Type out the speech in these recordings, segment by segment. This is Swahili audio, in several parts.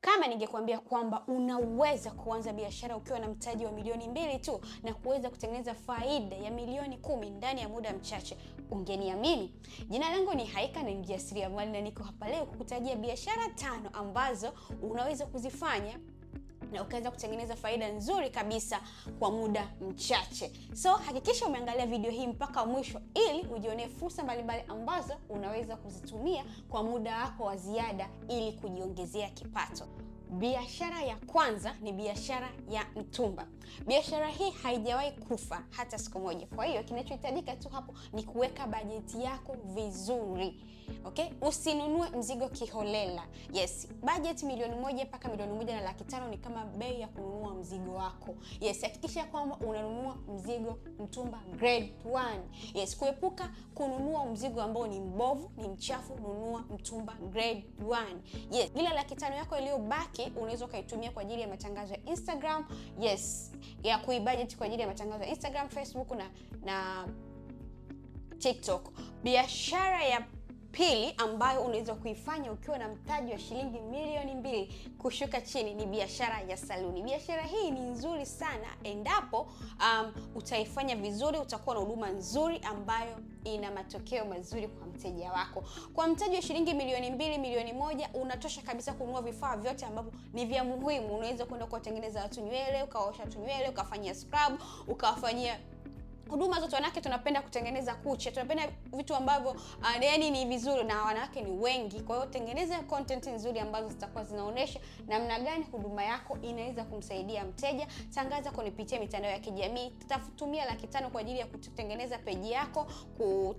Kama ningekuambia kwamba unaweza kuanza biashara ukiwa na mtaji wa milioni mbili tu na kuweza kutengeneza faida ya milioni kumi ndani ya muda mchache, ungeniamini? Jina langu ni Haika na mjasiriamali, na niko hapa leo kukutajia biashara tano ambazo unaweza kuzifanya na ukaweza kutengeneza faida nzuri kabisa kwa muda mchache. So hakikisha umeangalia video hii mpaka mwisho ili ujionee fursa mbalimbali ambazo unaweza kuzitumia kwa muda wako wa ziada ili kujiongezea kipato. Biashara ya kwanza ni biashara ya mtumba. Biashara hii haijawahi kufa hata siku moja. Kwa hiyo kinachohitajika tu hapo ni kuweka bajeti yako vizuri, okay? Usinunue mzigo kiholela. Yes, bajeti milioni moja mpaka milioni moja na laki tano ni kama bei ya kununua mzigo wako. Yes, hakikisha kwamba unanunua mzigo mtumba grade 1. Yes, kuepuka kununua mzigo ambao ni mbovu, ni mchafu. Nunua mtumba grade 1. Yes, ila laki tano yako iliyobaki yake unaweza ukaitumia kwa ajili ya matangazo ya Instagram, yes, ya kuibudget kwa ajili ya matangazo ya Instagram, Facebook na, na TikTok. Biashara ya pili ambayo unaweza kuifanya ukiwa na mtaji wa shilingi milioni mbili kushuka chini ni biashara ya saluni. Biashara hii ni nzuri sana endapo um, utaifanya vizuri, utakuwa na huduma nzuri ambayo ina matokeo mazuri kwa mteja wako. Kwa mtaji wa shilingi milioni mbili, milioni moja unatosha kabisa kununua vifaa vyote ambavyo ni vya muhimu. Unaweza kwenda kuwatengeneza watu nywele, ukawaosha watu nywele, ukafanyia scrub, ukawafanyia huduma zote wanawake tunapenda kutengeneza kucha, tunapenda vitu ambavyo uh, ah, yani ni vizuri, na wanawake ni wengi. Kwa hiyo tengeneza content nzuri ambazo zitakuwa zinaonesha namna gani huduma yako inaweza kumsaidia mteja. Tangaza kwa kupitia mitandao ya kijamii, tutatumia laki tano kwa ajili ya kutengeneza peji yako ku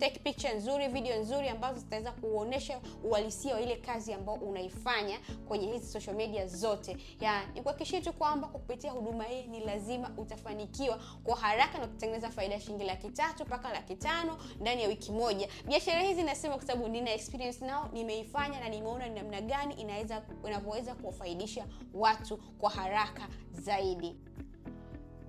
take picture nzuri, video nzuri ambazo zitaweza kuonesha uhalisia wa ile kazi ambayo unaifanya kwenye hizi social media zote. Ya, nikuhakikishie tu kwamba kwa kupitia huduma hii ni lazima utafanikiwa kwa haraka na kutengeneza faida ya shilingi laki tatu mpaka laki tano ndani ya wiki moja. Biashara hizi nasema kwa sababu nina experience nao, nimeifanya na nimeona ni namna gani inaweza inavyoweza kuwafaidisha watu kwa haraka zaidi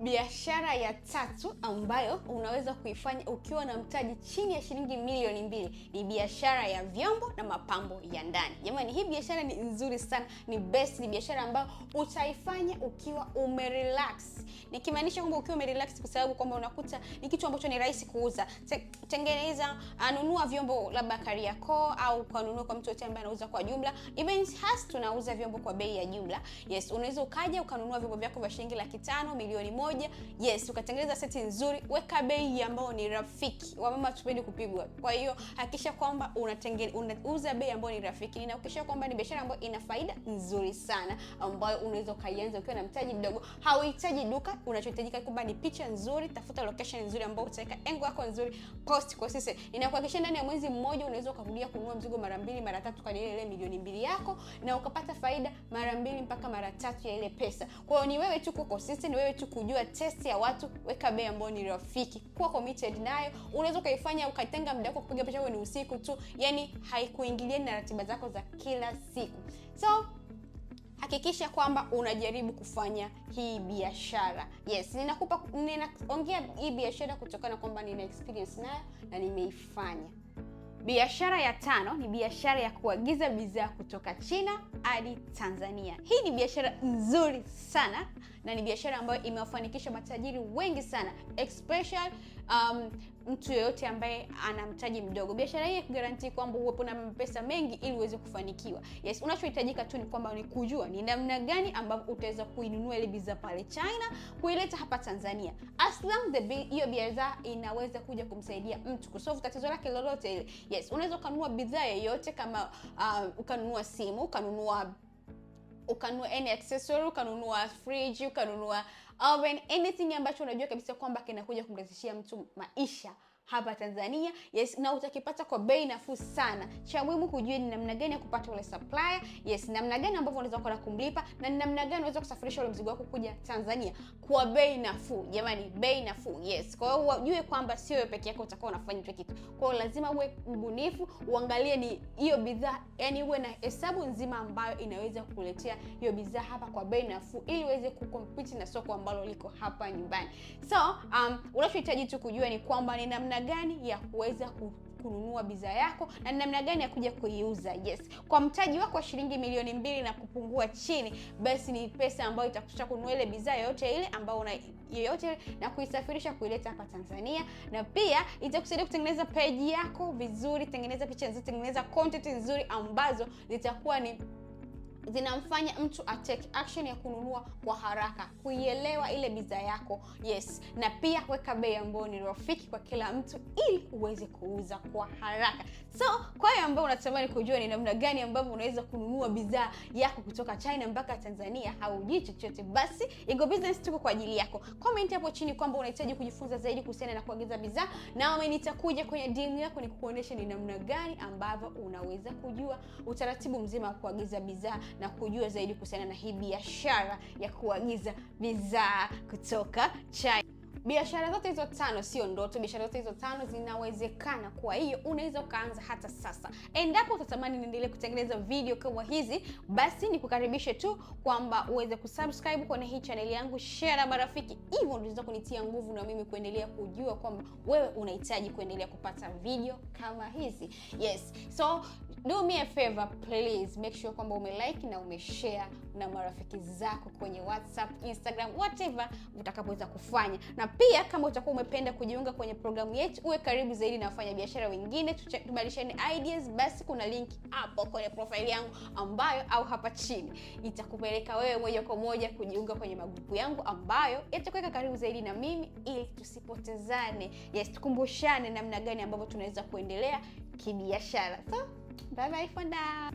biashara ya tatu ambayo unaweza kuifanya ukiwa na mtaji chini ya shilingi milioni mbili ni biashara ya vyombo na mapambo ya ndani. Jamani, hii biashara ni nzuri sana, ni best, ni biashara ambayo utaifanya ukiwa umerelax, nikimaanisha kwamba ukiwa umerelax, kwa sababu kwamba unakuta ni kitu ambacho ni rahisi kuuza. Tengeneza, anunua vyombo labda Kariakoo au kanunua kwa mtu yote ambaye anauza kwa jumla. Even has tunauza vyombo kwa bei ya jumla. Yes, unaweza ukaja ukanunua vyombo vyako vya shilingi laki tano milioni moja moja, yes, ukatengeneza seti nzuri, weka bei ambayo ni rafiki. Wamama tupendi kupigwa, kwa hiyo hakikisha kwamba unatengeneza unauza bei ambayo ni rafiki. Ninahakikisha kwamba ni biashara ambayo ina faida nzuri sana, ambayo unaweza ukaianza ukiwa na mtaji mdogo. Hauhitaji duka, unachohitajika kwamba ni picha nzuri, tafuta location nzuri ambayo utaweka engo yako nzuri, post kwa sisi. Ninakuhakikisha ndani ya mwezi mmoja unaweza ukarudia kununua mzigo mara mbili mara tatu kwa ile ile milioni mbili yako, na ukapata faida mara mbili mpaka mara tatu ya ile pesa. Kwa hiyo ni wewe tu kuko consistent, ni wewe tu kujua unajua test ya watu, weka bei ambayo ni rafiki, kuwa committed nayo. Unaweza ukaifanya ukatenga muda wako kupiga picha, ni usiku tu, yani haikuingiliani na ratiba zako za kila siku. So hakikisha kwamba unajaribu kufanya hii biashara. Yes, ninakupa ninaongea hii biashara kutokana kwamba nina experience nayo na nimeifanya. Biashara ya tano ni biashara ya kuagiza bidhaa kutoka China hadi Tanzania. Hii ni biashara nzuri sana na ni biashara ambayo imewafanikisha matajiri wengi sana especially um, mtu yoyote ambaye ana mtaji mdogo. Biashara hii haikugarantii kwamba uwepo na pesa mengi ili uweze kufanikiwa. Yes, unachohitajika tu ni kwamba ni kujua ni namna gani ambavyo utaweza kuinunua ile bidhaa pale China kuileta hapa Tanzania. As long the hiyo bidhaa inaweza kuja kumsaidia mtu kusolve tatizo lake lolote ile. Yes, unaweza ukanunua bidhaa yoyote kama uh, ukanunua simu, ukanunua ukanunua any accessory, ukanunua fridge, ukanunua au uh, anything ambacho unajua kabisa kwamba kinakuja kumrahisishia mtu maisha hapa Tanzania. Yes, na utakipata kwa bei nafuu sana. Cha muhimu kujua ni namna gani ya kupata ule supplier. Yes, namna gani ambavyo unaweza kwenda kumlipa na namna gani unaweza kusafirisha ule mzigo wako kuja Tanzania kwa bei nafuu. Jamani, bei nafuu. Yes. Kwa hiyo ujue kwamba sio wewe peke yako utakao unafanya hicho kitu. Kwa hiyo lazima uwe mbunifu, uangalie ni hiyo bidhaa, yani uwe na hesabu nzima ambayo inaweza kukuletea hiyo bidhaa hapa kwa bei nafuu ili uweze kukompiti na soko ambalo liko hapa nyumbani. So, um, unachohitaji tu kujua ni kwamba ni namna namna gani ya kuweza kununua bidhaa yako na namna gani ya kuja kuiuza. Yes, kwa mtaji wako wa shilingi milioni mbili na kupungua chini, basi ni pesa ambayo itakutosha kununua ile bidhaa yoyote ile ambayo una yoyote ile na kuisafirisha kuileta hapa Tanzania, na pia itakusaidia kutengeneza page yako vizuri, tengeneza picha nzuri, tengeneza content nzuri ambazo zitakuwa ni zinamfanya mtu take action ya kununua kwa haraka, kuielewa ile bidhaa yako. Yes, na pia weka bei ambayo ni rafiki kwa kila mtu, ili uweze kuuza kwa haraka. So kwa hiyo ambayo unatamani kujua ni namna gani ambavyo unaweza kununua bidhaa yako kutoka China mpaka Tanzania, haujui chochote, basi Ego Business tuko kwa ajili yako. Comment hapo chini kwamba unahitaji kujifunza zaidi kuhusiana na kuagiza bidhaa, nami nitakuja kwenye DM yako nikuonyeshe ni namna gani ambavyo unaweza kujua utaratibu mzima wa kuagiza bidhaa na kujua zaidi kuhusiana na hii biashara ya kuagiza bidhaa kutoka China. Biashara zote hizo tano sio ndoto, biashara zote hizo tano zinawezekana. Kwa hiyo unaweza ukaanza hata sasa. Endapo utatamani niendelee kutengeneza video kama hizi, basi ni kukaribishe tu kwamba uweze kusubscribe kwenye hii chaneli yangu, share na marafiki, hivyo unaweza kunitia nguvu na mimi kuendelea kujua kwamba wewe unahitaji kuendelea kupata video kama hizi. Yes, so Do me a favor please, make sure kwamba umelike na umeshare na marafiki zako kwenye WhatsApp, Instagram, whatever utakapoweza kufanya. Na pia kama utakuwa umependa kujiunga kwenye programu yetu, uwe karibu zaidi na wafanyabiashara wengine, tubadilishane ideas, basi kuna link hapo kwenye profile yangu ambayo au hapa chini itakupeleka wewe moja kwa moja kujiunga kwenye magrupu yangu ambayo yatakuweka karibu zaidi na mimi, ili tusipotezane, yes, tukumbushane namna gani ambavyo tunaweza kuendelea kibiashara so Bye-bye for now!